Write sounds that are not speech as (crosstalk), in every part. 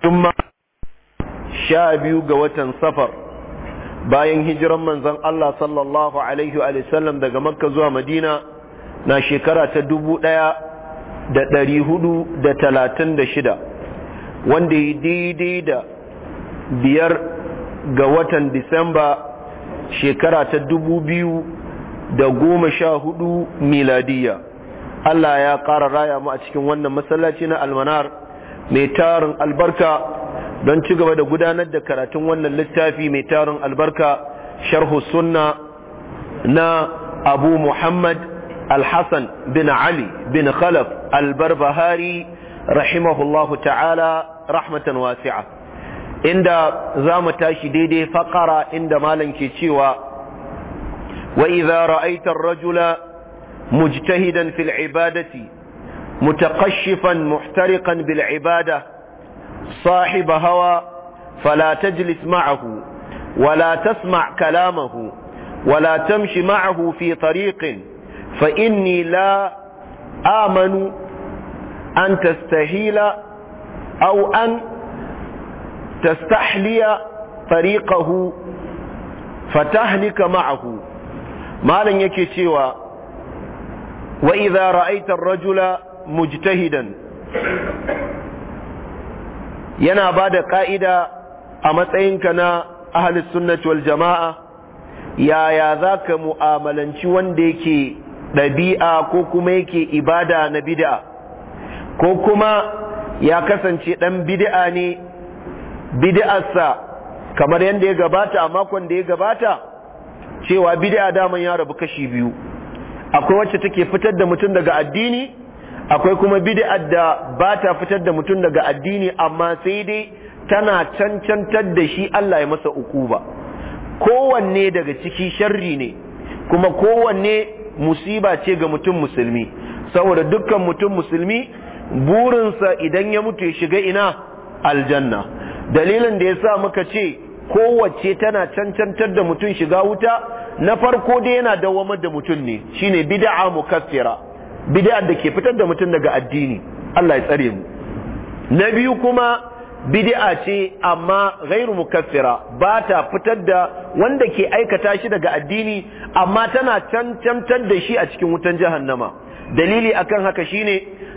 tumma sha biyu ga watan safar bayan hijiran manzon Allah sallallahu alaihi daga makka zuwa madina na shekara ta dubu ɗaya da ɗari hudu da talatin da shida wanda ya daidai da biyar ga watan disamba shekara ta dubu biyu da goma sha hudu miladiyya Allah ya ƙara raya mu a cikin wannan masallaci na almanar mai tarin albarka don ci gaba da gudanar da karatun wannan littafi mai tarin albarka sharhu sunna na abu muhammad alhassan bin ali bin khalaf albarbahari rahimahullahu ta'ala rahmatan wasi'a inda za mu tashi daidai faƙara inda malam ke cewa wa idza ra'aita ar-rajula mujtahidan fil ibadati متقشفا محترقا بالعبادة صاحب هوى فلا تجلس معه ولا تسمع كلامه ولا تمشي معه في طريق فإني لا آمن أن تستهيل أو أن تستحلي طريقه فتهلك معه ما لن يكي سوى وإذا رأيت الرجل mujtahidan yana ba da ƙa'ida a matsayinka na ahalis sunnati wal jama'a yaya za ka mu'amalanci wanda yake ɗabi'a ko kuma yake ibada na bid'a ko kuma ya kasance ɗan bid'a ne bid'arsa kamar yadda ya gabata a makon da ya gabata cewa bid'a daman ya rabu kashi biyu akwai wacce take fitar da mutum daga addini akwai kuma bid'ar da ba ta fitar da mutum daga addini amma sai dai tana cancantar da shi Allah ya masa ukuba kowanne daga ciki sharri ne kuma kowanne musiba ce ga mutum musulmi saboda dukkan mutum musulmi burinsa idan ya mutu ya shiga ina aljanna dalilin da ya sa muka ce kowace tana cancantar da mutum shiga wuta na farko dai yana dawamar da mutum ne shine bid'a mukaffira bid'a da ke fitar da mutum daga addini Allah ya tsare mu na biyu kuma bid'a ce amma ghairu mukaffira ba ta fitar da wanda ke aikata shi daga addini amma tana cancantar da shi a cikin wutan jahannama dalili akan haka shine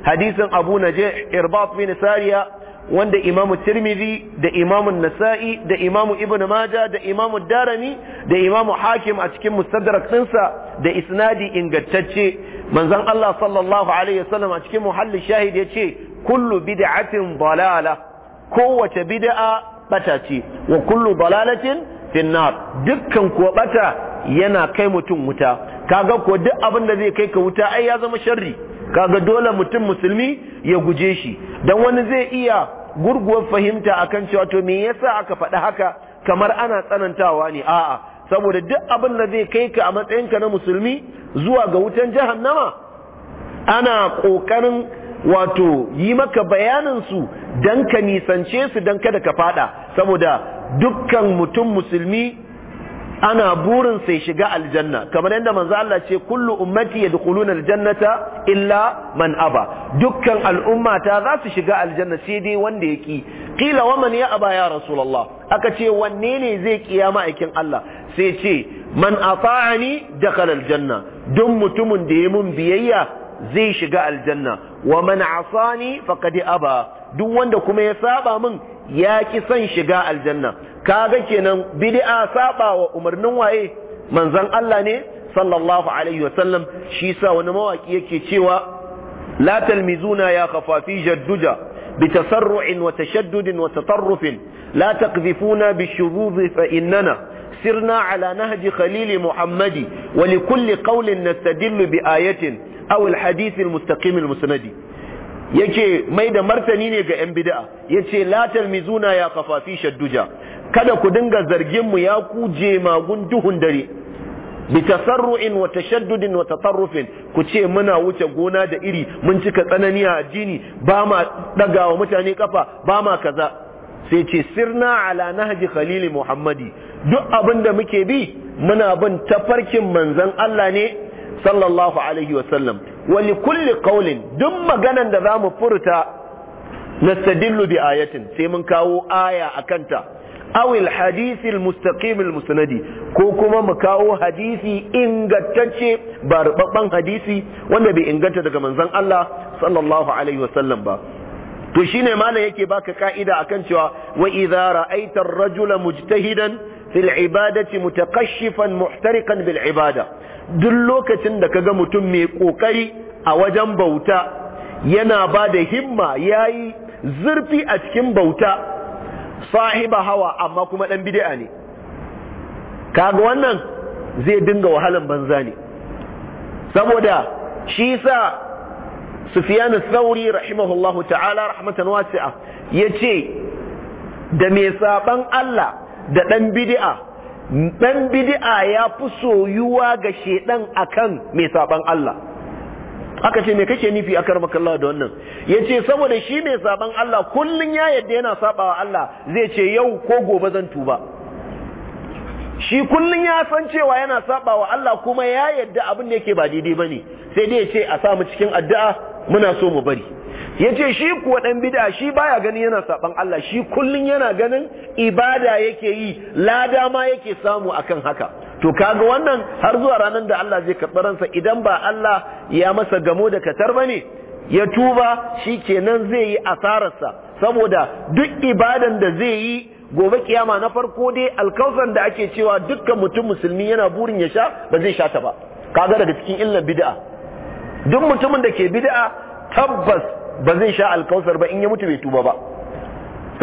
hadisin Abu Najih Irbat bin Sariya wanda Imam Tirmidhi da Imam Nasa'i da Imam Ibn Majah da Imam Darimi da Imam Hakim a cikin Mustadrak ɗinsa da isnadi ingantacce manzon Allah sallallahu alaihi wasallam a cikin muhallin shahid yace kullu bid'atin dalala kowace bid'a bata ce wa kullu dalalatin finnar dukkan kuwa bata yana kai mutum wuta kaga ko duk abin da zai kai ka wuta ai ya zama sharri kaga dole mutum musulmi ya guje shi dan wani zai iya gurguwar fahimta akan cewa to me yasa aka faɗi haka kamar ana tsanantawa ne a'a saboda duk abin da zai kai ka a matsayinka na musulmi zuwa ga wutan jahannama ana kokarin wato yi maka bayanin su dan ka nisance su dan kada ka fada saboda dukkan mutum musulmi ana burin sai shiga aljanna kamar yadda manzo Allah ce kullu ummati yadkhuluna aljannata illa man aba dukkan al'umma ta za su shiga aljanna sai dai wanda yake qila waman ya aba ya rasulullah aka ce wanne ne zai kiyama aikin Allah sai ce man ata'ani dakhala aljanna don mutumin da ya mun biyayya zai shiga aljanna wa man asani faqad aba duk wanda kuma ya saba min ya ki son shiga aljanna kaga kenan bid'a saba wa umarnin waye manzon Allah ne sallallahu alaihi sallam. shi sa wani mawaki yake cewa la talmizuna ya khafafi jadduja بتسرع وتشدد وتطرف لا تقذفونا بالشذوذ فإننا سرنا على نهج خليل محمد ولكل قول نستدل بآية أو الحديث المستقيم المسندي yace mai da martani ne ga 'yan bid'a yace la talmizuna ya kafafi shadduja kada ku dinga zargin mu ya kuje magun duhun dare bi tasarru'in wa tashaddudin wa tatarrufin ku ce muna wuce gona da iri mun cika tsanani a addini ba ma dagawa mutane kafa ba ma kaza sai ce sirna ala nahji khalili muhammadi duk abin da muke bi muna bin tafarkin manzon Allah ne sallallahu alaihi wa sallam wa li kulli qawlin duk maganan da zamu furta nastadillu bi ayatin sai mun kawo aya akanta awil hadisi mustaqim musnadi ko kuma mu kawo hadisi ingantacce ba rubabban hadisi wanda bai inganta daga manzon Allah sallallahu alaihi wasallam ba to shine malam yake baka ka'ida akan cewa wa idza ra'aita ar-rajula mujtahidan fil ibadati mutaqashifan muhtariqan bil ibada duk lokacin da kaga mutum mai kokari a wajen bauta yana ba da himma yayi zurfi a cikin bauta sahiba hawa amma kuma dan bid'a ne kaga wannan zai dinga wahalan banza ne saboda shi sa Sufyan al-Thawri rahimahullahu ta'ala rahmatan wasi'a yace da me saban Allah da dan bid'a dan bid'a ya fi soyuwa ga shedan akan me saban Allah aka ce me kake nufi akar makalla da wannan Ya ce saboda shi mai saban Allah kullum ya yadda yana sabawa Allah zai ce yau ko gobe zan tuba shi kullum ya san cewa yana sabawa Allah kuma ya yadda abin da yake ba daidai ne, sai dai ya ce a sa cikin addu'a muna so mu bari Ya ce shi kuwa dan bid'a shi baya ganin yana saban Allah shi kullum yana ganin ibada yake yi lada ma yake samu akan haka to kaga wannan har zuwa ranar da Allah zai karɓi ransa idan ba Allah ya masa gamo da katar ne ya tuba shi kenan zai yi asararsa saboda duk ibadan da zai yi gobe kiyama na farko dai alkausar da ake cewa dukkan mutum musulmi yana burin ya sha ba zai sha ta ba kaga daga cikin illar bid'a duk mutumin da ke bid'a tabbas ba zai sha alkausar ba in ya mutu bai tuba ba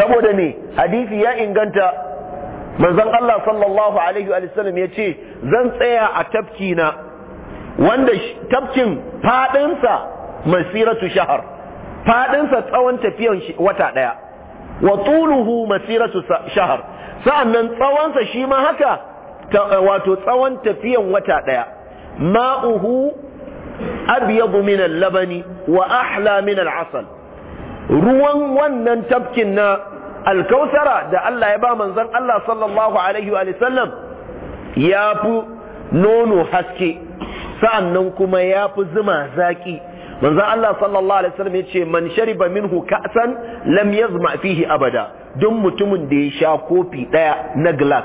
saboda ne hadisi ya inganta manzon Allah sallallahu alaihi wa sallam ya ce zan tsaya a tafki na wanda tafkin fadinsa masiratu shahar fadinsa tsawon tafiyan wata daya wa tuluhu masiratu shahar sa'annan tsawonsa shi ma haka wato tsawon tafiyan wata daya ma'uhu abyadu min al-labani wa ahla min al-asal ruwan wannan tafkin na alkautara da Allah ya ba manzan Allah sallallahu alaihi ya fi nono haske sa'annan kuma ya fi zuma zaƙi. Manzan Allah sallallahu alaihi wasallam ya ce man shariba minhu ka'san lam yazma fihi abada duk mutumin da ya sha kofi ɗaya na glass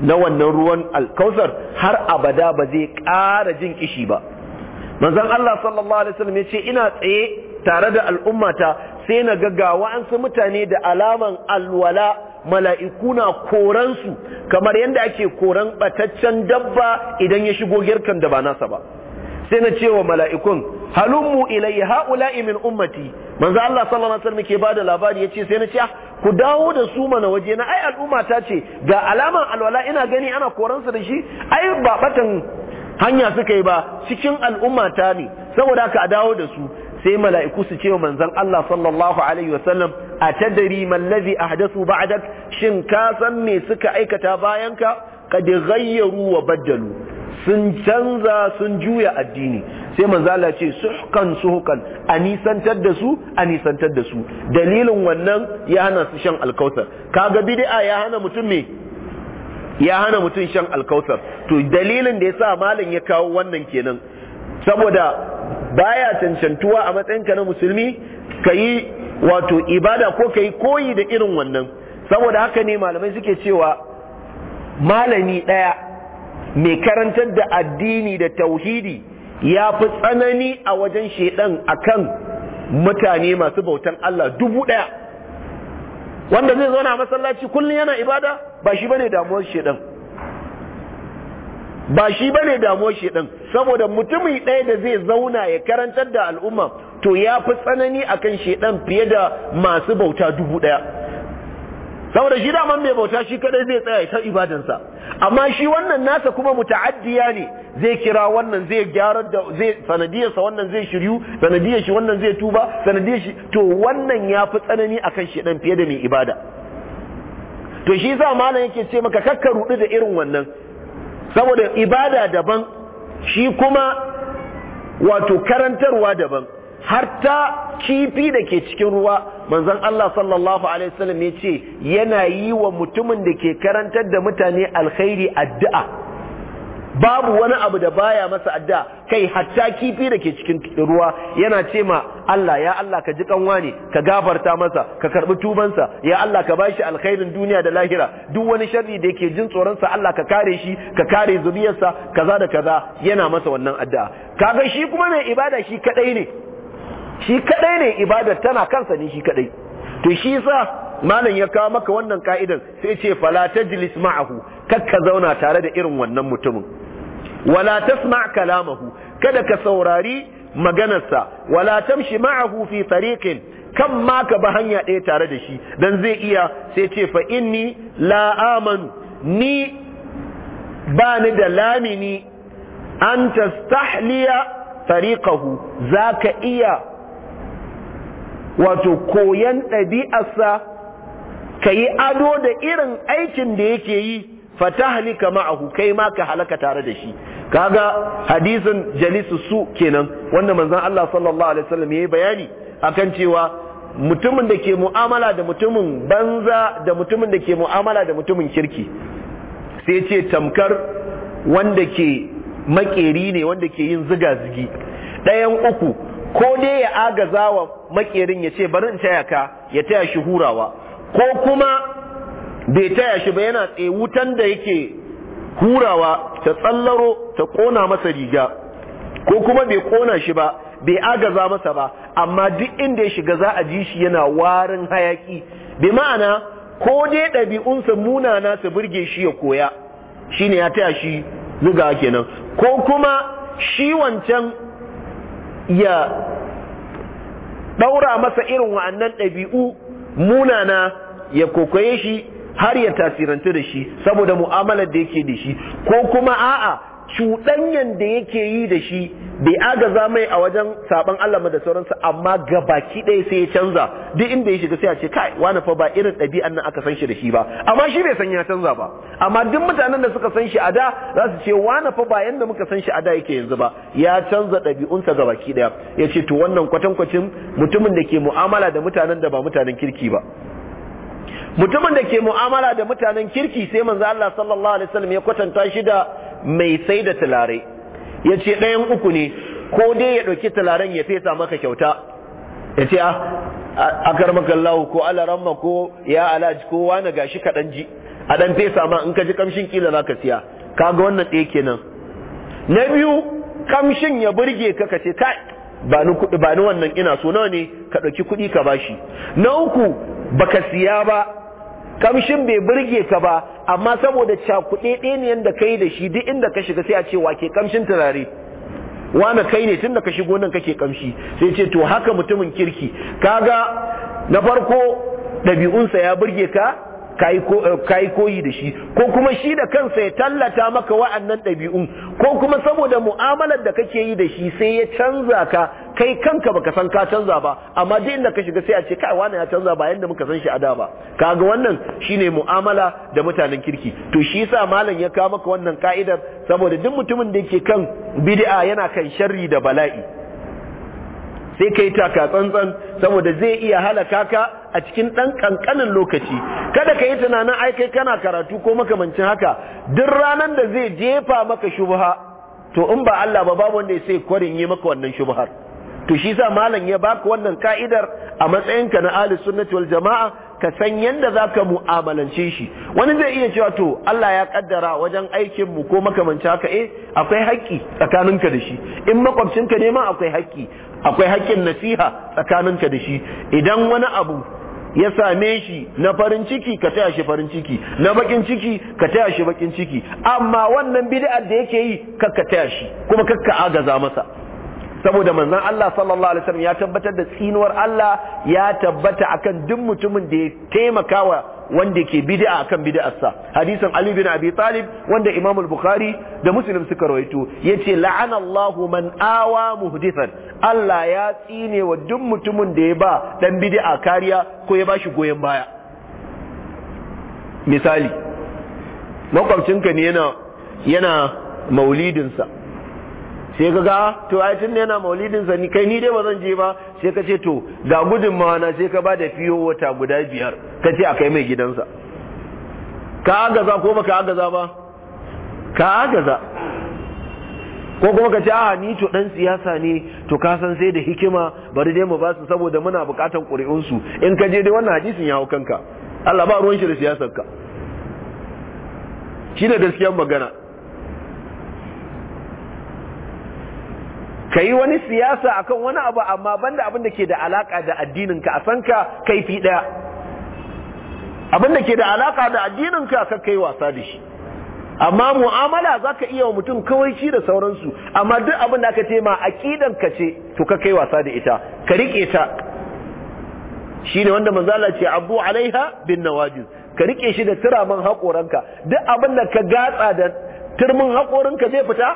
na wannan ruwan alkausar har abada ba zai ƙara jin kishi ba Manzan Allah sallallahu alaihi wasallam ya ce ina tsaye tare da al'ummata sai na ga wa'ansu mutane da alaman alwala mala'iku na koransu kamar yadda ake koran bataccen dabba idan ya shigo girkan da ba nasa ba sai na ce wa mala'ikun halummu ilai ha'ula'i min ummati manzo Allah sallallahu alaihi wasallam ke bada labari yace sai na ce ah, ku dawo da su mana waje na ai al'umma ce ga alaman alwala ina gani ana koransu da shi ai ba batan hanya suka yi ba cikin al'ummata ne saboda ka dawo da su sai mala'iku su ce wa manzon Allah sallallahu alaihi wasallam a tadari mallazi ahdathu ba'dak shin ka san me suka aikata bayan ka qad gayyaru wa baddalu sun canza sun juya addini sai manzo Allah ce suhukan suhukan. a nisantar da su a nisantar da su dalilin wannan ya hana su shan alkautar kaga bid'a ya hana mutum me ya hana mutum shan alkautar to dalilin da yasa malam ya kawo wannan kenan saboda baya cancantuwa a matsayinka na musulmi ka yi wato ibada ko ka yi koyi da irin wannan saboda haka ne malamai suke cewa malami ɗaya mai karantar da addini da tauhidi ya fi tsanani a wajen shaidan kan mutane masu bautan Allah dubu ɗaya wanda zai zauna masallaci kullum yana ibada ba shi bane damuwar shaidan ba shi bane damuwar shi din saboda mutumin ɗaya da zai zauna ya karantar da al'umma to ya fi tsanani akan dan fiye da masu bauta dubu ɗaya saboda shi daman mai bauta shi kadai zai tsaya ta ibadansa amma shi wannan nasa kuma muta'addiya ne zai kira wannan zai gyara da zai sanadiyarsa wannan zai shiryu sanadiyar shi wannan zai tuba sanadiyar shi to wannan ya fi tsanani akan dan fiye da mai ibada to shi sa malam yake ce maka kakka ruɗu da irin wannan saboda ibada daban shi kuma wato karantarwa daban ta kifi da ke cikin ruwa manzon Allah sallallahu alaihi wasallam ya ce yana yi wa mutumin da ke karantar da mutane alkhairi addu'a babu wani abu da baya masa adda kai hatta kifi da ke cikin ruwa yana ce ma Allah ya Allah ka ji kanwa ne ka gafarta masa ka karbi tubansa ya Allah ka bashi alkhairin duniya da lahira duk wani sharri da yake jin tsoron sa Allah ka kare shi ka kare zuriyarsa kaza da kaza yana masa wannan addu'a kaga shi kuma mai ibada shi kadai ne shi kadai ne ibadar tana kansa ne shi kadai to shi sa malam ya kawo maka wannan ka'idan sai ce fala tajlis ma'ahu kakka zauna tare da irin wannan mutumin wala tasma kalamahu kada ka saurari maganarsa wala tamshi ma'ahu fi tariqin kan ma ka ba hanya ɗaya tare da shi dan zai iya sai ce fa inni la amanu ni ba ni da lamini an tastahliya tariqahu zaka iya wato koyan ɗabi'arsa ka yi ado da irin aikin da yake yi fatahlika ma'ahu kai ma ka halaka tare da shi kaga hadisin jalisu su kenan wanda manzon Allah sallallahu alaihi wasallam yayi bayani akan cewa mutumin da ke mu'amala da mutumin banza da mutumin da ke mu'amala da mutumin kirki sai ce tamkar wanda ke makeri ne wanda ke yin ziga zigi ɗayan uku ko dai ya agaza wa makerin ya ce bari in taya ka ya taya shi hurawa ko kuma bai taya shi ba yana tsaye wutan da yake hurawa ta tsallaro ta kona masa riga ko kuma bai kona shi ba bai agaza masa ba amma duk inda ya shiga za a ji shi yana warin hayaki bai ma'ana ko dai ɗabi'unsa munana su burge shi ya koya shine ya taya shi zuga kenan ko kuma shi wancan ya ɗaura masa irin wa'annan ɗabi'u munana ya kokoye shi har ya tasirantu da shi saboda mu'amalar da yake da shi ko kuma a'a cuɗanyan da yake yi da shi bai agaza mai a wajen saban Allah da sauransa amma ga baki ɗaya sai ya canza duk inda ya shiga sai a ce kai wani fa ba irin ɗabi'an nan aka san shi da shi ba amma shi bai san ya canza ba amma duk mutanen da suka san shi a da za su ce wani fa ba yanda muka san shi a da yake yanzu ba ya canza ɗabi'unsa ga baki ɗaya ya ce to wannan kwatankwacin mutumin da ke mu'amala da mutanen da ba mutanen kirki ba mutumin da ke mu'amala da mutanen kirki sai manzo Allah sallallahu alaihi wasallam ya kwatanta shi da mai sai da tulare yace ɗayan uku ne ko dai ya ɗauki tularen ya fesa maka kyauta yace ah, a akar maka Allah ko ramma ko ya alaj ko wani gashi kaɗan ji a dan fesa ma in ka ji kamshin kila zaka siya kaga wannan ɗaya kenan na biyu kamshin ya burge ka kace kai ba ni kuɗi ba ni wannan ina so nawa ne ka ɗauki kuɗi ka bashi na uku baka siya ba kamshin bai burge ka ba amma saboda cakuɗe ɗeniyan da kai da shi duk inda ka shiga sai a ce ke kamshin turare wane kai ne tun da ka shigo nan kake kamshi sai ce to haka mutumin kirki kaga na farko ɗabi'unsa ya burge ka kai eh, koyi da shi ko kuma shi da kansa ya tallata maka wa'annan ɗabi'un ko kuma saboda mu'amalar da kake yi da shi sai ya canza ka kai kanka baka san ka canza ba amma duk inda ka shiga sai a ce kai wani ya canza ba yanda muka san shi a da ba kaga wannan shine mu'amala da mutanen kirki to shi yasa malam ya kawo maka wannan ka'idar saboda duk mutumin da yake kan bid'a yana kan sharri da bala'i sai kai taka tsantsan saboda zai iya halaka ka a cikin ɗan ƙanƙanin lokaci kada ka yi tunanin aikai kana karatu ko makamancin haka duk ranar da zai jefa maka shubha to in ba Allah ba babu wanda ya sai kwarin yi maka wannan shubhar to shi sa malam ya baka wannan ka'idar a matsayinka na ahli sunnati wal jama'a ka san yanda zaka mu'amalance shi wani zai iya cewa to Allah ya kaddara wajen aikin mu ko makamancin haka eh akwai haƙƙi tsakaninka da shi in makwabcinka ne ma akwai haƙƙi akwai haƙƙin nasiha tsakaninka da shi idan wani abu ya same shi na farin ciki ka taya shi farin ciki na bakin ciki ka taya shi bakin ciki amma wannan bid'ar da yake yi kakka taya shi kuma kakka agaza masa saboda manzon Allah sallallahu alaihi wasallam ya tabbatar da tsinuwar Allah ya tabbata akan duk mutumin da ya taimakawa wanda ke bid'a akan bid'arsa hadisin Ali bin Abi Talib wanda Imam al-Bukhari da Muslim suka rawaito yace la'ana Allahu man awa muhdithan Allah ya tsine wa duk mutumin da ya ba dan bid'a kariya ko ya bashi goyen baya misali makwabcinka ne yana yana maulidinsa sai ka ga to ai tun yana maulidin sa ni kai ni dai ba zan je ba sai ka ce to ga gudunmawa na sai ka ba da fiyo wata guda biyar ka ce a kai mai gidansa ka agaza ko ba ka agaza ba ka agaza ko kuma ka ce a ni to dan siyasa ne to kasan sai da hikima bari dai mu ba su saboda muna bukatan ƙuri'unsu in ka je dai wannan hadisin ya hau kanka Allah ba ruwan shi da siyasar ka shi da gaskiyar magana ka yi wani siyasa akan wani abu amma banda abin da ke da alaka da addininka a san ka kaifi daya abin da ke da alaka da addininka ka kai wasa da shi amma mu'amala za ka iya wa mutum kawai shi da sauransu amma duk abin da aka ce ma aqidan ka ce to ka kai wasa da ita ka rike ta shine wanda manzala ce abu alaiha bin Nawaju. ka rike shi da turaman hakoranka duk abin da ka gatsa da turmin hakorinka zai fita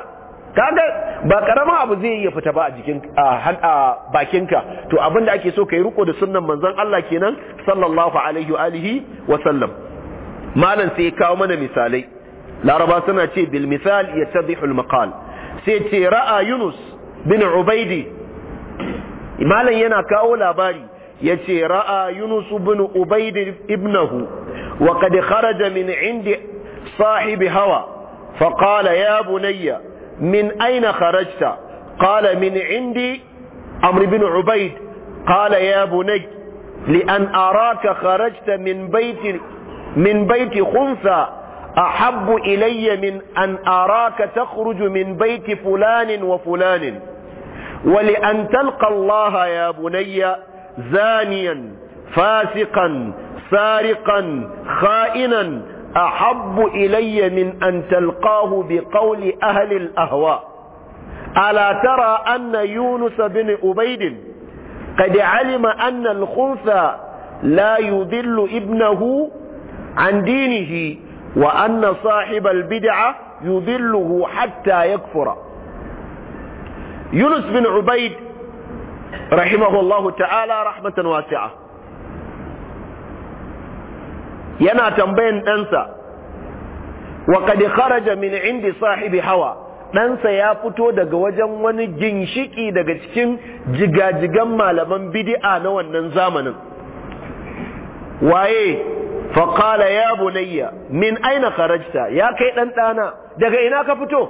kaga ba karama abu zai iya fita ba a jikin a bakinka to abinda ake so yi riko da sunan manzan Allah kenan sallallahu alaihi wa alihi wa sallam malam sai kawo mana misalai laraba suna ce bil misal yattadihu maqal sai ce ra'a yunus bin ubaidi malam yana kawo labari yace ra'a yunus bin ubaidi ibnahu wa qad kharaja min indi sahibi hawa فقال ya bunayya. من أين خرجت قال من عندي عمرو بن عبيد قال يا بني لأن أراك خرجت من بيت من بيت خنثى أحب إلي من أن أراك تخرج من بيت فلان وفلان ولأن تلقى الله يا بني زانيا فاسقا سارقا خائنا أحب إلي من أن تلقاه بقول أهل الأهواء ألا ترى أن يونس بن أبيد قد علم أن الخنثى لا يذل ابنه عن دينه وأن صاحب البدعة يذله حتى يكفر يونس بن عبيد رحمه الله تعالى رحمة واسعة yana tambayan ɗansa wa kharaja min indi sahibi hawa ɗansa ya fito daga wajen wani ginshiki daga cikin jigajigan malaman bid'a na wannan zamanin waye faƙala ya bunayya min aina kharajta ya kai ɗan ɗana daga ina ka fito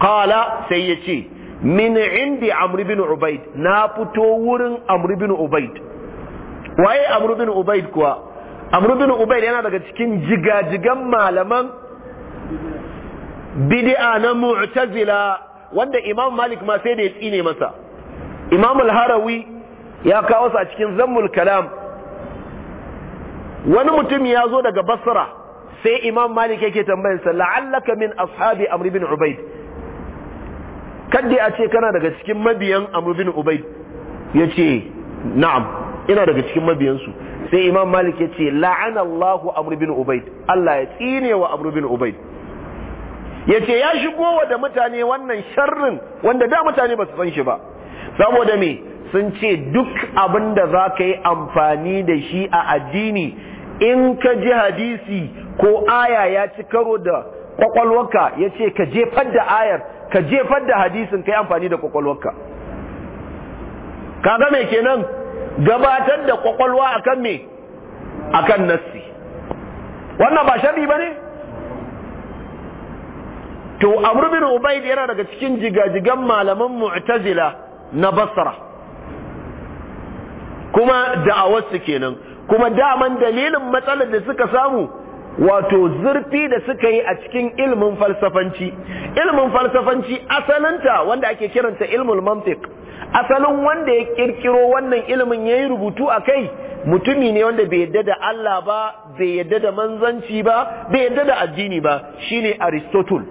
ƙala sai ya ce min indi amr bin ubaid na fito wurin amr bin ubaid waye amr bin ubaid kuwa amru bin ubaid yana daga cikin jigajigan malaman bid'a na mu'tazila wanda imam malik ma sai da ya tsine masa imam al-harawi ya kawo sa cikin zammul kalam wani mutum ya zo daga basra sai imam malik yake tambayar sa la'allaka min ashabi amr bin ubaid kaddi a ce kana daga cikin mabiyan amr bin ubaid yace na'am ina daga cikin mabiyansu sai imam malik ya ce la'anallahu amr bin ubaid Allah ya tsine wa amr bin ubaid ya ce ya shigo wa da mutane wannan sharrin wanda da mutane ba su san shi ba saboda me sun ce duk abin da za ka yi amfani da shi a addini in ka ji hadisi ko aya ya ci karo da kwakwalwaka ya ce ka jefar da ayar ka jefar da hadisin ka yi amfani da kwakwalwaka. kaga mai kenan gabatar da kwakwalwa akan me akan nassi wannan ba ba ne. to amurbin bin yana daga cikin jigajigan malaman mu'tazila na basra kuma wasu kenan kuma daman dalilin matsalar da suka samu wato zurfi da suka yi a cikin ilmin falsafanci ilmin falsafanci asalinta wanda ake kiranta ilmul mantiq asalin wanda ya kirkiro wannan ilimin ya yi rubutu a kai mutumi ne wanda bai yadda da Allah ba bai yadda da manzanci ba bai yadda da addini ba shine aristotle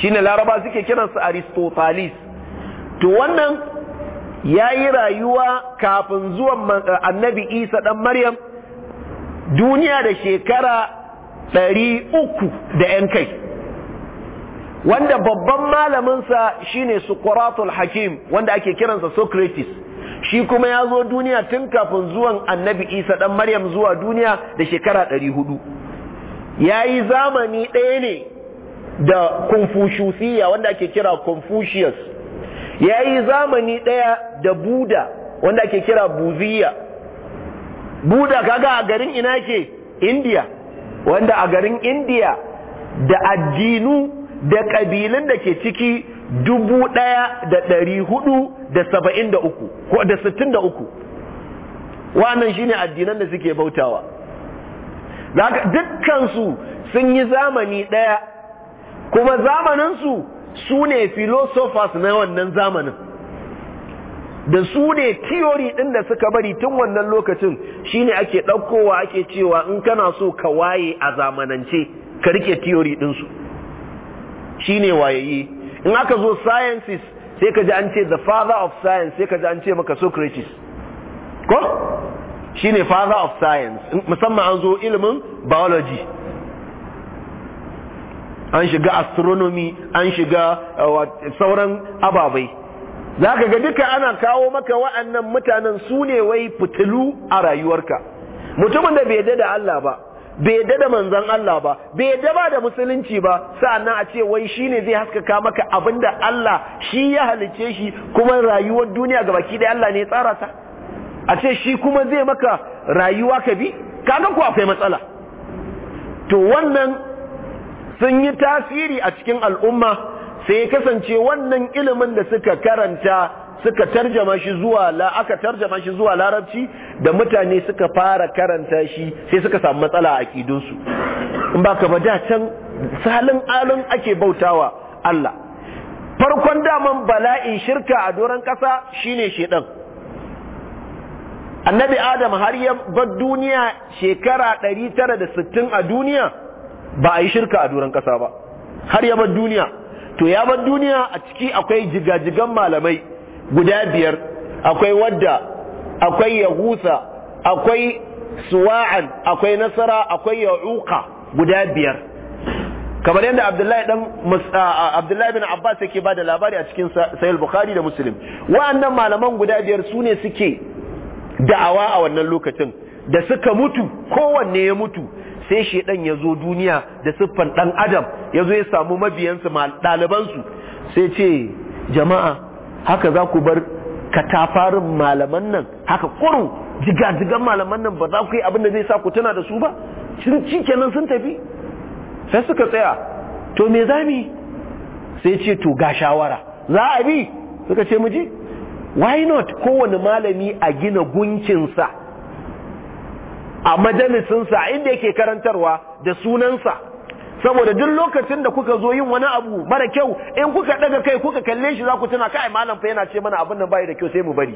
shine laraba suke kiransa aristophanes to wannan ya yi rayuwa kafin zuwan eh, annabi isa dan maryam duniya da shekara ɗari uku da 'yan kai wanda babban malaminsa shine Socrates Hakim wanda ake kiransa Socrates shi kuma ya zo duniya tun kafin zuwan Annabi Isa dan Maryam zuwa duniya da shekara 400 yayi zamani ɗaya ne da Confuciusia wanda ake kira Confucius yayi zamani ɗaya da buddha wanda ake kira Buziya buddha kaga a garin ina ke India wanda a garin India da addinu da ƙabilun da ke ciki dubu ɗaya da ɗari hudu da saba'in da uku ko da sittin da uku wannan shine addinan da suke bautawa dukkansu sun yi zamani ɗaya kuma zamaninsu su ne philosophers na wannan zamanin da su ne theory ɗin da suka bari tun wannan lokacin shine ake ɗaukowa ake cewa in kana so ka waye a zamanance ka rike theory ɗinsu Shi ne wayayi in aka zo sciences sai ka ji an ce the father of science sai ka ji an ce maka Socrates ko ne father of science musamman an zo ilimin biology an shiga astronomy an shiga uh, sauran ababai za ka ga duka ana kawo maka wa'annan mutanen su ne wai fitilu a rayuwarka mutumin da bai da Allah ba bai yadda da manzan Allah ba bai yadda ba da musulunci ba sa'annan a ce wai ne zai haskaka maka abinda Allah shi ya halice shi kuma rayuwar duniya ga baki da Allah ne ya tsara ta a ce shi kuma zai maka rayuwa ka bi kaga ko akwai matsala to wannan sun yi tasiri a cikin al'umma sai kasance wannan ilimin da suka karanta suka tarjama shi zuwa la aka tarjama shi zuwa larabci da mutane suka fara karanta shi sai suka samu matsala a akidunsu in ba ka ba da can salin alin ake bautawa Allah farkon daman bala'in shirka a doran kasa shine shedan annabi adam har ya bar duniya shekara 960 a duniya ba a yi shirka a doran kasa ba har ya bar duniya to ya bar duniya a ciki akwai jigajigan malamai guda biyar akwai wadda akwai yahusa akwai suwa'an akwai nasara akwai ya'uqa guda biyar kamar yadda abdullahi dan abdullahi bin abbas yake ba da labari a cikin sahih bukhari da muslim wa'annan malaman guda biyar sune suke da'awa a wannan lokacin da suka mutu kowanne ya mutu sai shedan ya zo duniya da siffan dan adam ya zo ya samu mabiyansu ɗalibansu sai ce jama'a haka za ku bar katafarin malaman nan haka kuru jigajigan malaman nan ba za ku yi abin da zai sa ku tana da su ba cin ci kenan sun tafi sai suka tsaya to me za mu sai ce to ga shawara za a bi suka ce muji why not kowane malami a gina gunkinsa a majalisinsa inda yake karantarwa da sunansa saboda duk lokacin da kuka zo yin wani abu mara kyau in kuka daga kai kuka kalle shi za ku tuna kai malam fa yana ce mana abin nan bai da kyau sai mu bari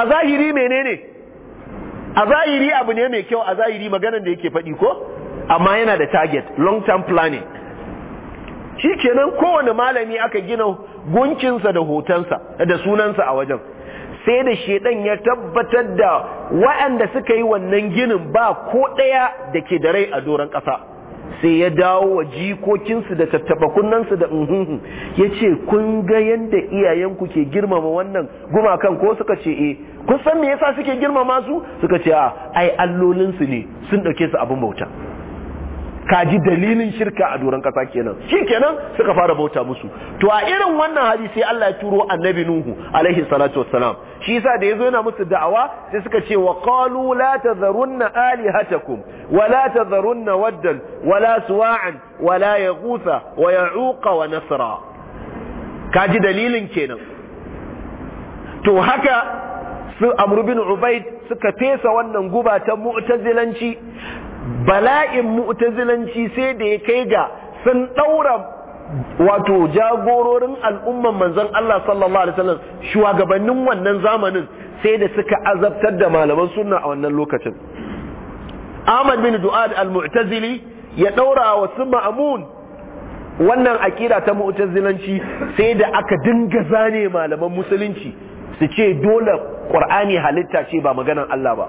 a zahiri menene a zahiri abu ne mai kyau a zahiri maganar da yake faɗi ko amma yana da target long term planning shi kenan kowane malami aka gina gunkinsa da hotonsa da sunansa a wajen sai da shedan ya tabbatar da waɗanda suka yi wannan ginin ba ko ɗaya da ke da rai a doron ƙasa sai ya dawo wa jikokinsu da tattabakunansu da unhunhu ya ce kun ga yadda iyayenku ke girmama wannan gumakan ko suka ce e kun san me yasa suke girmama su suka ce a ah, ai allolinsu ne sun ɗauke su abin bauta kaji dalilin shirka a doron kasa kenan shi kenan suka fara bauta musu to a irin wannan hali sai Allah ya turo annabi nuhu alaihi salatu wassalam shi yasa da yazo yana musu da'awa sai suka ce wa qalu la tadharunna alihatakum wa la tadharunna waddan wa la suwa'an wa la yaghutha wa ya'uqa wa nasra kaji dalilin kenan to haka su amru bin ubaid suka fesa wannan guba ta mu'tazilanci bala'in mu'tazilanci sai da ya kai ga sun ɗaura wato jagororin al'umman manzon Allah sallallahu alaihi wasallam shugabannin wannan zamanin sai da suka azabtar da malaman sunna a wannan lokacin Ahmad bin Du'ad al-Mu'tazili ya daura wa su Ma'mun wannan akida ta mu'tazilanci sai da aka dinga zane malaman musulunci su ce dole Qur'ani halitta ce ba maganan Allah ba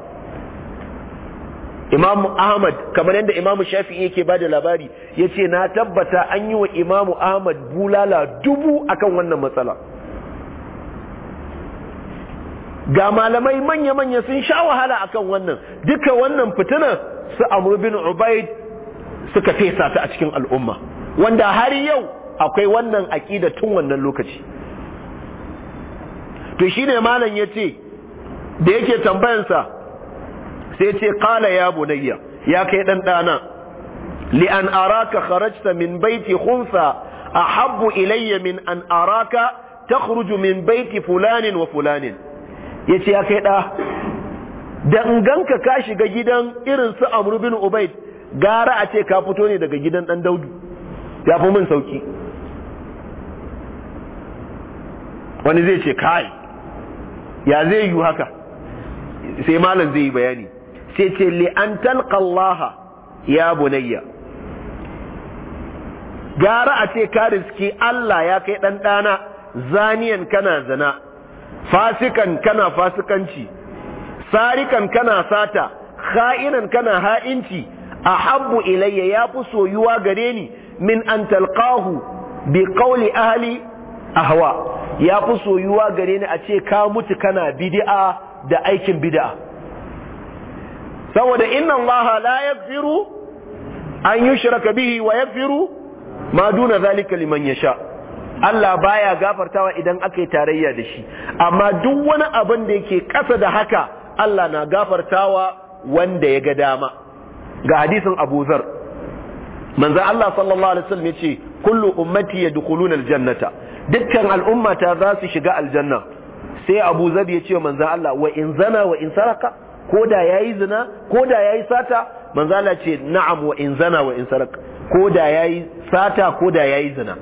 imamu ahmad kamar yadda imamu shafi'i yake bada labari ya ce na tabbata an yi wa imamu ahmad bulala dubu akan wannan matsala ga malamai manya-manya sun sha wahala akan wannan duka wannan fitina su amru bin ubaid suka fesa ta a cikin al'umma wanda har yau akwai wannan aƙida tun wannan lokaci to shine malam ya ce da yake tambayansa sai ce kala ya bunayya ya kai dan dana li an araka kharajta min baiti khunsa ahabbu ilayya min an araka takhruju min baiti fulanin wa fulanin yace ya kai da dan ganka ka shiga gidan irin su amru bin Ubayd gara a ce ka fito ne daga gidan dan Daudu ya fi min sauki wani zai ce kai ya zai yi haka sai malam zai yi bayani sai ce li an talqallaha ya bunayya gara a ce ka riski Allah ya kai ɗanɗana, dana zaniyan kana zina fasikan kana fasikanci sarikan kana sata kha'inan kana ha'inci ahabbu ilayya ya fi soyuwa gare ni min an talqahu bi qawli ahli ahwa ya fi soyuwa gare ni a ce ka mutu kana bid'a da aikin bid'a saboda inna allaha la yaghfiru an yushraka bihi wa yaghfiru ma duna zalika liman yasha Allah baya gafartawa idan aka yi tarayya da shi amma duk wani abin da yake kasa da haka Allah na gafartawa wanda ya ga dama ga hadisin Abu Zar manzo Allah sallallahu alaihi wasallam yace kullu ummati yadkhuluna aljannata dukkan al'ummata za su shiga aljanna sai Abu Zar yace manzo Allah wa in zana wa in saraka ko da yayi zina ko da yayi sata manzo Allah ce na'am wa in zana wa in sarak ko da yayi sata ko da yayi zina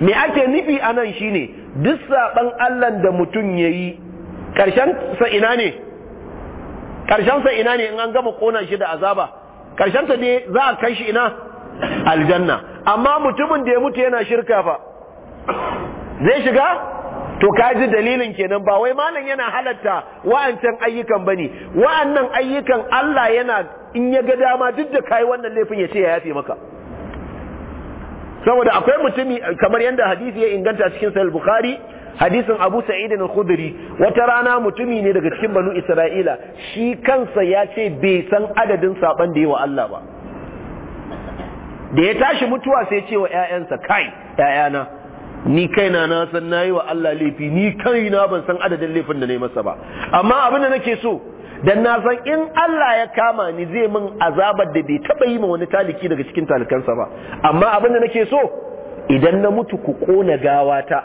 me ake nufi anan shine duk saban Allah da mutum yayi karshen sa ina ne karshen sa ina ne in an gama kona shi da azaba karshen ta ne za a kai shi ina aljanna amma mutumin da ya mutu yana shirka fa zai shiga to kaji dalilin kenan ba wai malam yana halatta wa'ancan ayyukan bane wa'annan ayyukan Allah yana in ya ga dama duk da kayi wannan laifin ya ce ya yafe maka saboda akwai mutumi kamar yadda hadisi ya inganta cikin sahih bukhari hadisin abu sa'id al-khudri wata rana mutumi ne daga cikin banu isra'ila shi kansa ya ce bai san adadin saban da yawa Allah ba da ya tashi mutuwa sai ya ce wa ƴaƴansa kai ƴaƴana ni kaina na san nayi wa Allah laifi ni kaina ban san adadin laifin da nayi masa ba amma abin da nake so dan na san in Allah ya kama ni zai min azabar da bai taba yi ma wani taliki daga cikin talikansa ba amma abin da nake so idan na mutu ku kona gawa ta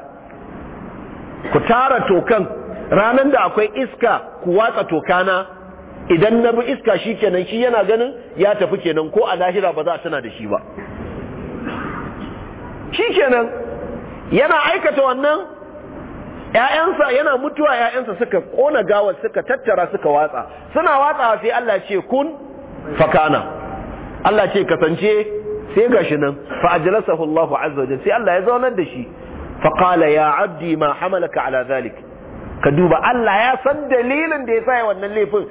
ku tara tokan ranan da akwai iska ku watsa tokana idan na bi iska shi kenan shi yana ganin ya tafi kenan ko a lahira ba za a tana da shi ba shi kenan yana aikata wannan ‘ya'yansa yana mutuwa ‘ya'yansa suka kona gawar suka tattara suka watsa suna watsa sai Allah ce kun fakana Allah ce kasance sai gashi nan fa'ajilasahu Allah azza sai Allah ya zaunar da shi faƙala ya abdi ma hamalaka ala zalik ka duba Allah ya san dalilin da ya sa wannan laifin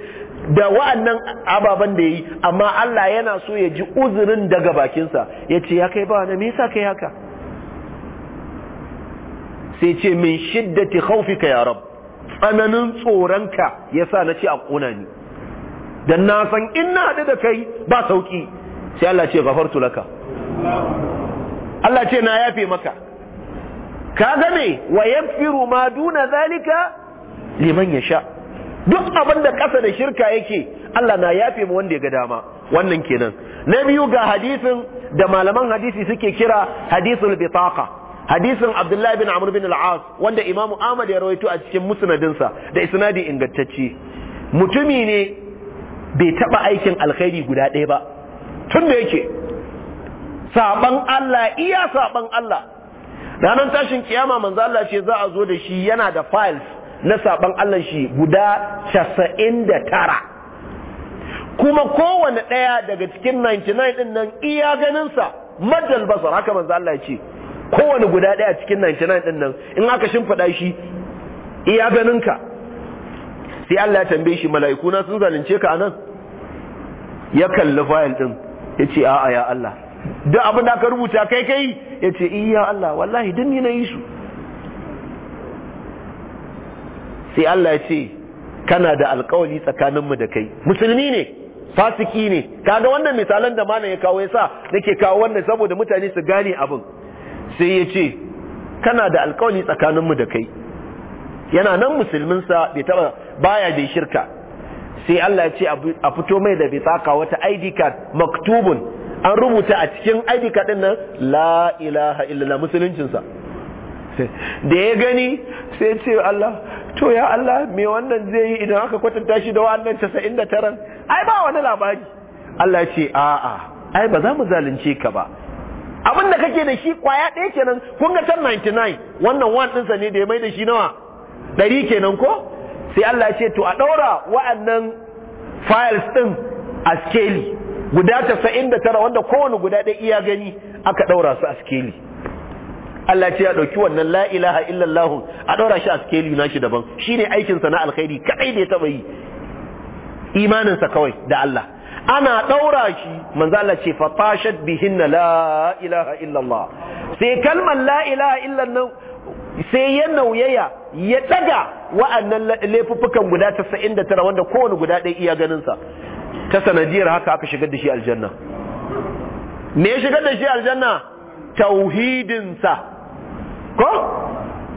da wa'annan ababen da yi amma Allah yana so ya ji uzurin daga bakinsa ya ce ya kai ba wani me yasa kai haka sai ce min shiddati khawfika ya rab tsananin tsoronka yasa na a kona ni dan na san in na hadu da kai ba sauki sai Allah ce ghafartu laka Allah ce na yafe maka kaga me wa yaghfiru ma duna zalika liman yasha duk abinda ƙasa kasa da shirka yake Allah na yafe mu wanda ya ga dama wannan kenan na biyu ga hadisin da malaman hadisi suke kira hadisul bitaqa hadisin abdullahi bin amr bin al-as wanda imamu ahmad ya rawaito a cikin musnadinsa da isnadi ingantacce mutumi ne bai taɓa aikin alkhairi guda ɗaya ba tun da yake saban Allah iya saban Allah ranar tashin kiyama manzo Allah ce za a zo da shi yana da files na saban Allah shi guda 99 kuma kowane ɗaya daga cikin 99 ɗin nan iya ganinsa majal basar haka manzo Allah ya ce kowane guda ɗaya cikin 99 ɗin nan in aka shimfiɗa shi iya ka. sai Allah ya tambaye shi mala'iku na sun zalunce ka anan ya kalli fayil ɗin ya ce a'a ya Allah duk abin da aka rubuta kai kai ya ce iya eh, Allah wallahi dan ni na yi su sai Allah ya ce kana da tsakanin tsakaninmu da kai musulmi ne fasiki ne kaga wannan misalan da malam ya kawo yasa nake kawo wannan saboda mutane su gane abin sai ya ce kana da alkawali tsakaninmu da kai yana nan musulminsa bai taba baya bai shirka sai Allah ya ce a fito mai da bitaka wata ID card maktubun an rubuta a cikin ID card din nan la ilaha illallah musuluncinsa (laughs) da ya gani sai ce Allah to ya Allah me wannan zai yi idan aka kwatanta shi da wannan 99 ai ba wani labari Allah ce a'a ai ba za mu zalunce ka ba abin da kake da shi kwaya ɗaya kenan kun ga can 99 wannan wan ɗinsa ne da ya mai da shi nawa ɗari kenan ko sai Allah ce to a ɗaura wa'annan files ɗin a skeli guda tasa'in da tara wanda kowane guda ɗaya iya gani aka ɗaura su a skeli Allah ce ya ɗauki wannan la ilaha illallah a ɗaura shi a skeli na shi daban shine aikinsa na alkhairi kaɗai da ya taɓa yi imaninsa kawai da Allah ana ɗaura shi manzo Allah ce fa tashat bihinna la ilaha illallah sai kalmar la ilaha illallah sai ya nauyaya ya daga wa'annan laifuffukan guda 99 wanda kowane guda ɗaya iya ganin sa ta sanadiyar haka aka shigar da shi aljanna me ya shigar da shi aljanna Tauhidin sa. ko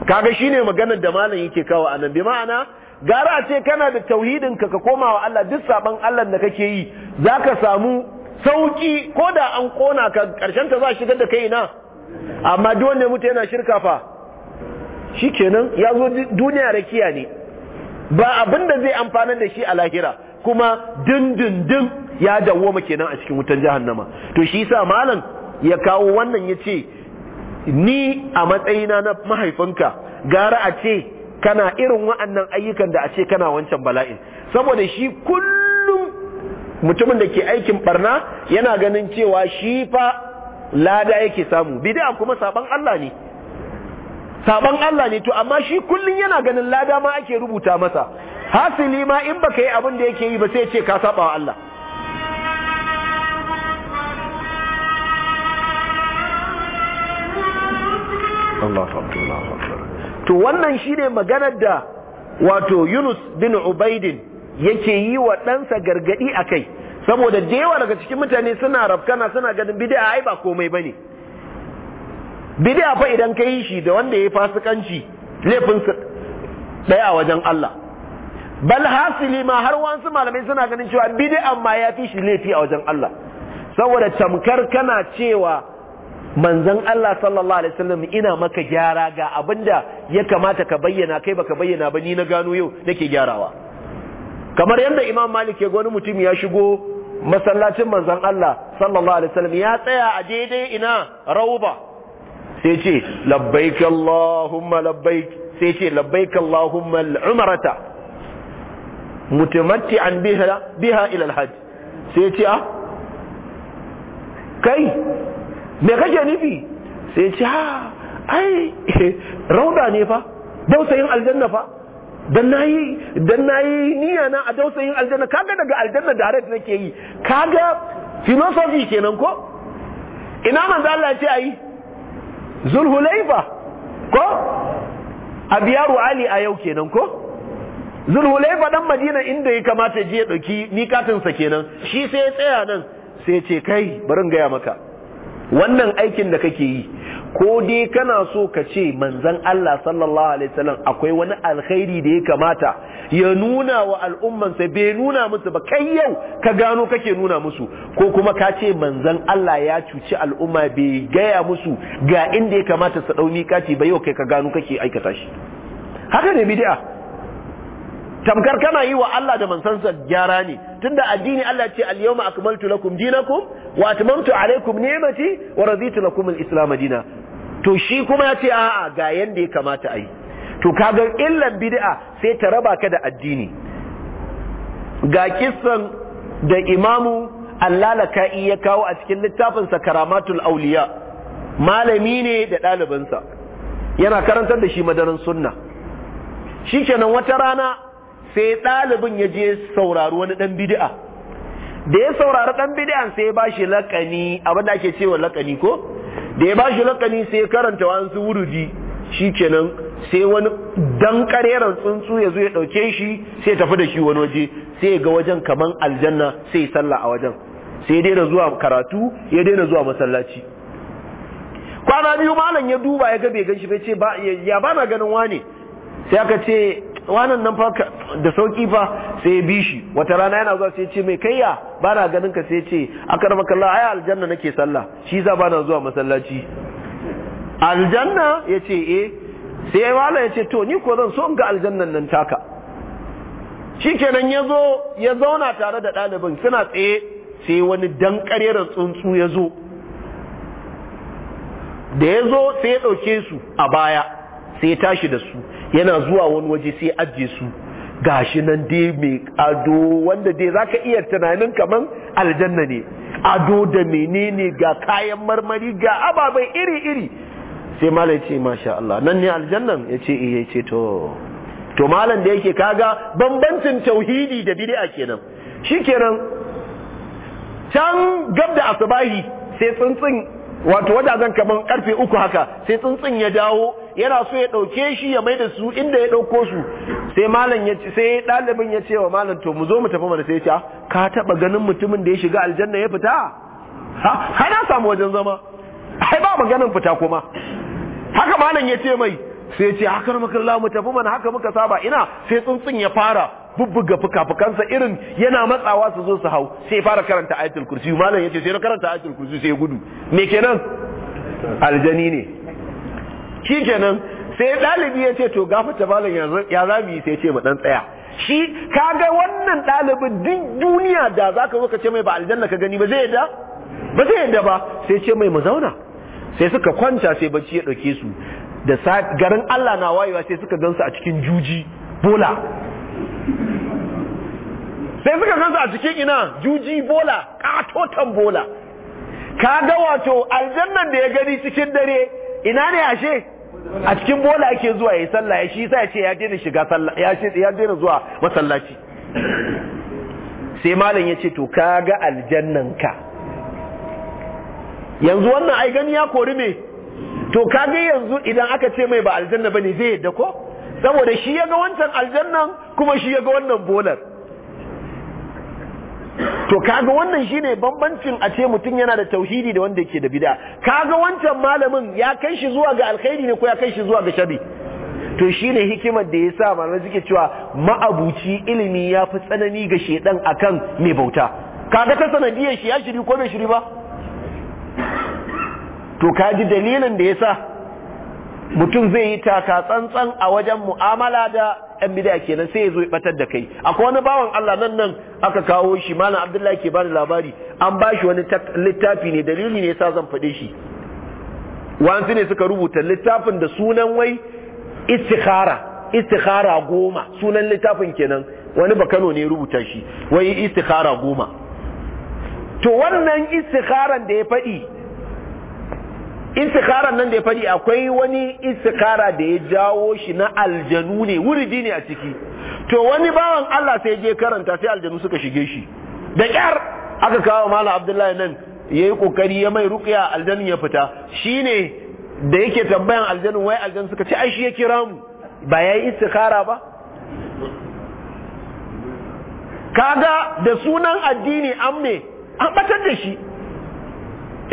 kaga shine maganar da malam yake kawo anan bi ma'ana gara a ce kana da tauhidin ka ka koma wa Allah duk saban Allah da kake yi zaka samu sauki ko da an kona ka karshen ta za shigar da kai na amma duk wanda mutu yana shirka fa shikenan ya zo duniya rakiya ne ba abin da zai amfana da shi a lahira kuma dindindin ya dawoma kenan a cikin wutan jahannama to shi yasa malam ya kawo wannan yace ni a matsayina na mahaifinka gara a ce kana irin wa'annan ayyukan da a ce kana wancan bala'in saboda shi kullum mutumin da ke aikin barna yana ganin cewa shi fa lada yake samu bid'a kuma saban Allah ne saban Allah ne to amma shi kullum yana ganin lada ma ake rubuta masa hasili ma in baka yi abin da yake yi ba sai ce ka saba wa Allah Allah to wannan shine maganar da wato Yunus bin Ubaidin yake yi wa ɗansa gargaɗi a kai saboda da yawa daga cikin mutane suna rafkana suna ganin bid'a ai ba komai bane bid'a fa idan ka yi shi da wanda ya yi fasikanci laifin su ɗaya a wajen Allah bal hasili ma har wasu malamai suna ganin cewa bid'a ma ya fi shi laifi a wajen Allah saboda tamkar kana cewa Manzan Allah sallallahu alaihi wasallam ina maka gyara ga abinda ya kamata ka bayyana kai baka bayyana ba ni na gano yau nake gyarawa kamar yadda Imam Malik ya gwani mutum ya shigo masallacin manzan Allah sallallahu alaihi wasallam ya tsaya a daidai ina rauba sai ce labbaik Allahumma labbaik sai ce labbaik Allahumma al mutumatti an biha biha ila Alhaji. sai ce ah kai me kake nufi sai ce ha ai (laughs) rauda ne fa dausayin aljanna fa dan nayi dan nayi niyya na a dausayin aljanna kaga daga aljanna direct nake yi kaga philosophy kenan ko ina manzo Allah ce ai zulhulaifa ko abiyaru ali a yau kenan ko zulhulaifa dan madina inda ya kamata je ya dauki mikatin sa kenan shi sai ya tsaya nan sai ya ce kai bari in gaya maka wannan aikin da kake yi ko dai kana so ka ce manzan Allah sallallahu alaihi wasallam akwai wani alkhairi da ya kamata ya nuna wa al'ummansa bai nuna musu ba kai yau ka gano kake nuna musu ko kuma ka ce manzan Allah ya cuci al'umma bai gaya musu ga inda ya kamata su dauni kati ba yau kai ka gano kake aikata shi haka ne bid'a tamkar kana yi wa Allah da mansansa gyara ne tunda addini Allah ce al-yawma akmaltu lakum dinakum wa atmamtu alaykum ni'mati wa raditu lakum al-islam dina to shi kuma ya ce a'a ga yanda ya kamata ayi to kaga illan bid'a sai ta raba ka da addini ga kissan da imamu lalakai ya kawo a cikin littafinsa karamatul auliya malami ne da ɗalibansa yana karantar da shi madarar sunna shikenan wata rana sai ɗalibin ya je saurari wani ɗan bidi'a da ya saurari ɗan bidi'an sai ya shi laƙani abin da ake cewa laƙani ko da ya ba shi laƙani sai ya karanta wasu wurudi kenan sai wani dan kareran tsuntsu ya zo ya ɗauke shi sai tafi da shi wani waje sai ya ga wajen kaman aljanna sai ya salla a wajen sai ya daina zuwa karatu ya daina zuwa masallaci kwana biyu malam ya duba ya ga bai ganshi bai ce ya ba na ganin wane sai aka ce wannan nan fa da sauki fa sai ya bi shi wata rana yana zuwa sai ya ce mai kaiya ba na ganin ka sai ya ce akramaka Allah ai aljanna nake sallah shi za ba na zuwa masallaci aljanna ya ce eh sai wala ya ce to ni ko zan so in ga aljannan nan taka shikenan ya zo ya zauna tare da ɗalibin suna tsaye sai wani dan karerar tsuntsu ya zo da ya zo sai ya dauke su a baya sai ya tashi da su yana zuwa wani waje sai ajiye su gashi nan dai mai ado wanda dai zaka iya tunanin kaman aljanna ne ado da menene ga kayan marmari ga ababai iri-iri sai malam ce masha Allah nan ne aljannan ya ce iya eh, ce to to malam da yake kaga bambancin tauhidi da a kenan shi kenan can gab da asubahi sai tsuntsun wato zan kaman karfe uku haka sai tsuntsun ya dawo yana so ya dauke shi ya mai da su inda ya dauko su sai malam ya sai dalibin ya ce wa malam to mu zo mu tafi mana sai ya ce ah, ka taba ganin mutumin da ya shiga aljanna ya fita ha na samu wajen zama ai ba ganin fita kuma haka malam ya ce mai sai ya ce muka la mu tafi mana haka muka saba ina sai tsuntsun ya fara bubbuga fuka-fukansa irin yana matsawa su zo su hau sai fara karanta ayatul kursi malam yace sai na karanta ayatul kursi sai gudu me kenan aljani ne shi kenan sai dalibi yace to gafata malam ya zabi sai ce mu dan tsaya shi kaga wannan dalibin duk duniya da zaka zo ka ce mai ba aljanna ka gani ba zai yadda ba zai yadda ba sai ce mai mu zauna sai suka kwanta sai bacci ya dauke su da garin Allah na wayewa sai suka gansu a cikin juji bola sai suka kansu a cikin ina juji bola katotan bola ka ga wato aljannan da ya gani cikin dare ina ne ashe a cikin bola ake zuwa ya sallah ya shi sai ya ce ya daina zuwa masallaci sai malam ya ce to ka ga aljannan ka yanzu wannan ai gani ya kori me to ka ga yanzu idan aka ce mai ba aljanna bane zai yadda ko saboda shi ya ga wancan aljannan kuma shi ya ga wannan bolar to kaga wannan shine bambancin a ce mutum yana da tauhidi da wanda yake da bid'a kaga wancan malamin ya kai shi zuwa ga alkhairi ne ko ya kai shi zuwa ga shabi to shine hikimar da yasa malamai suke cewa ma'abuci ilimi ya fi tsanani ga shedan akan mai bauta kaga ta sanadiyar shi ya shiri ko bai shiri ba to kaji dalilin da yasa mutum zai yi taka tsantsan a wajen mu'amala da ɗan bid'a kenan sai ya zo ya batar da kai akwai wani bawan Allah nan nan aka kawo shi malam Abdullahi ke bani labari an ba shi wani littafi ne dalili ne yasa zan faɗe shi wani ne suka rubuta littafin da sunan wai istikhara istikhara goma sunan littafin kenan wani bakano ne rubuta shi wai istikhara goma to wannan istikharan da ya faɗi istikharar nan da ya fadi akwai wani istikhara da ya jawo shi na aljanu ne wuridi ne a ciki to wani bawan Allah sai je karanta sai aljanu suka shige shi da kyar aka kawo malam Abdullahi nan yayi kokari ya mai ruqya aljanun ya fita shine da yake tambayan aljanun wai aljan suka ce ai shi ya kira mu ba yayi istikhara ba kaga da sunan addini an an batar da shi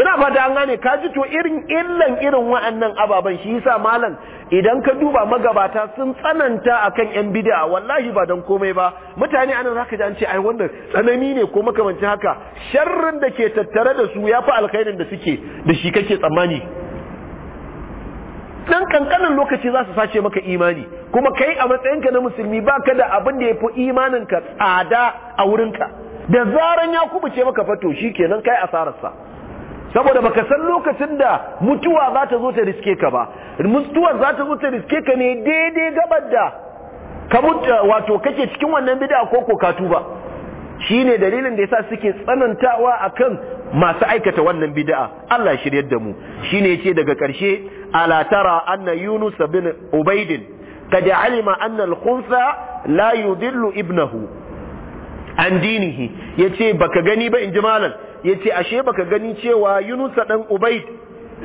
ina fata an gane ka ji to irin illan irin wa'annan ababan shi yasa malam idan ka duba magabata sun tsananta akan yan bid'a wallahi ba dan komai ba mutane anan zaka ji an ce ai wannan tsanani ne ko makamanci haka sharrin da ke tattare da su yafi alkhairin da suke da shi kake tsammani dan kankanin lokaci za su sace maka imani kuma kai a matsayinka na musulmi baka da abin da yafi imaninka tsada a wurinka da zaran ya kubuce maka fato shikenan kai asararsa saboda baka san lokacin da mutuwa za ta zo ta riske ka ba mutuwa za ta zo ta riske ka ne daidai gabar da ka wato kake cikin wannan bid'a ko ko ka tuba shine dalilin da yasa suke tsanantawa akan masu aikata wannan bid'a Allah ya shiryar da mu shine yace daga karshe ala tara anna yunus bin ubaid qad alima anna al-khunsa la yudillu ibnahu an dinihi yace baka gani ba in ji malam Ya ce ashe baka gani cewa Yunusa dan Ubaid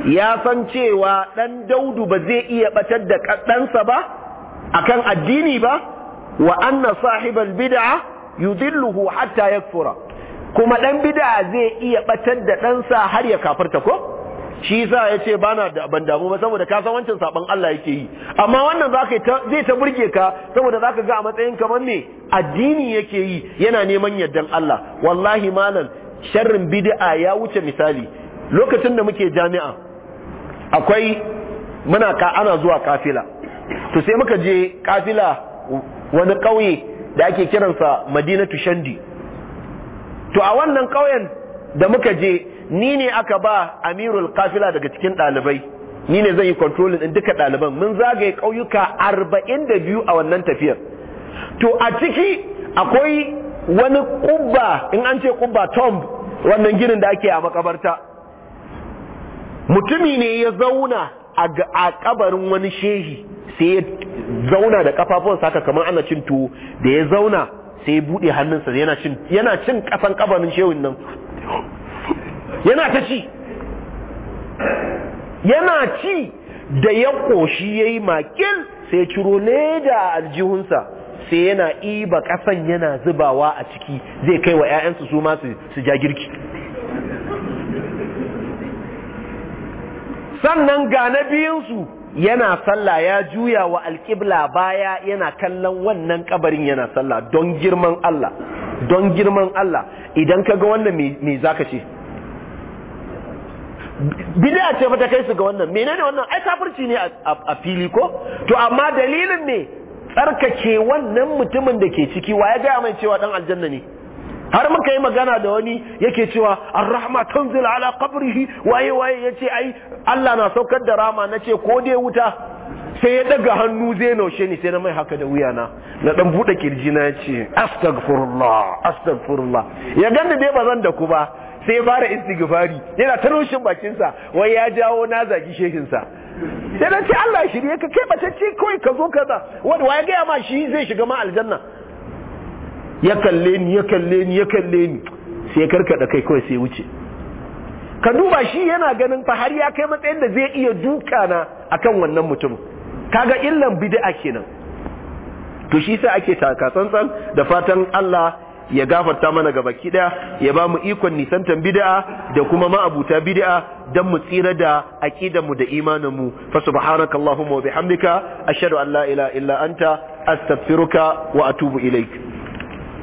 ya san cewa dan Daudu ba zai iya batar da ɗansa ba akan addini ba wa anna sahibal bid'a yudilluhu hatta yakfura kuma dan bid'a zai iya batar da ɗansa har ya kafirta ko shi yasa yace bana da ban damu ba saboda ka san wancan sabon Allah yake yi amma wannan zai ta burge ka saboda zaka ga a matsayin kamar ne addini yake yi yana neman yardan Allah wallahi malam sharrin bid'a ya wuce misali lokacin da muke jami'a akwai muna ka ana zuwa kafila to sai muka je kafila wani ƙauye da ake kiransa madinatu shandi to a wannan ƙauyen da muka je ni ne aka ba amirul kafila daga cikin ɗalibai ni ne zan yi control din duka ɗaliban mun zagaye ƙauyuka arba'in da biyu a wannan tafiyar to a ciki akwai wani kubba in an ce kubba tomb wannan ginin da ake a makabarta mutumi ne ya zauna a kabarin wani shehi sai ya zauna da kafafuwan saka kamar ana cin tuwo da ya zauna sai ya bude hannunsa yana cin yana cin kasan kabarin shehin nan yana ta ci yana ci da ya koshi yayi makil sai ya ciro leda a aljihunsa sai yana iba kasan yana zubawa a ciki zai kai wa 'ya'yansu su ma su ja girki sannan ga na biyunsu yana sallah ya juya wa alƙibla baya yana kallon wannan kabarin yana sallah don girman Allah don girman Allah idan ka ga wannan me za ka ce bid'a ce fa ta kai su ga wannan menene wannan ai kafirci ne a fili ko to amma dalilin ne. tsarkake wannan mutumin da ke ciki wa ya gaya mai cewa dan aljanna ne har muka yi magana da wani yake cewa tun zila ala qabrihi waye waye ya ce ai Allah na saukar da rama na ce ko dai wuta sai ya daga hannu zai naushe ni sai na mai haka da wuya na dan buɗe kirji na yace astaghfirullah astagfirullah ya ganni dai bazan da ku ba sai ya fara istighfari yana ta rushin bakin wai ya jawo na zagi shehin sa sai dan ce Allah shi shirye ka kai ce kawai ka zo kaza wanda waye gaya ma shi zai shiga ma aljanna ya kalle ni ya kalle ni ya kalle ni sai karkada kai kawai sai wuce ka duba shi yana ganin fa har ya kai matsayin da zai iya duka na akan wannan mutum kaga illan bid'a kenan to shi sai ake taka tsantsan da fatan Allah ya gafarta mana ga baki daya ya ba mu ikon nisantan bid'a da kuma ma'abuta bid'a dan mu tsira da aqidar mu da imanin mu fa subhanaka allahumma wa bihamdika ashhadu an la ilaha illa anta astaghfiruka wa atubu ilaik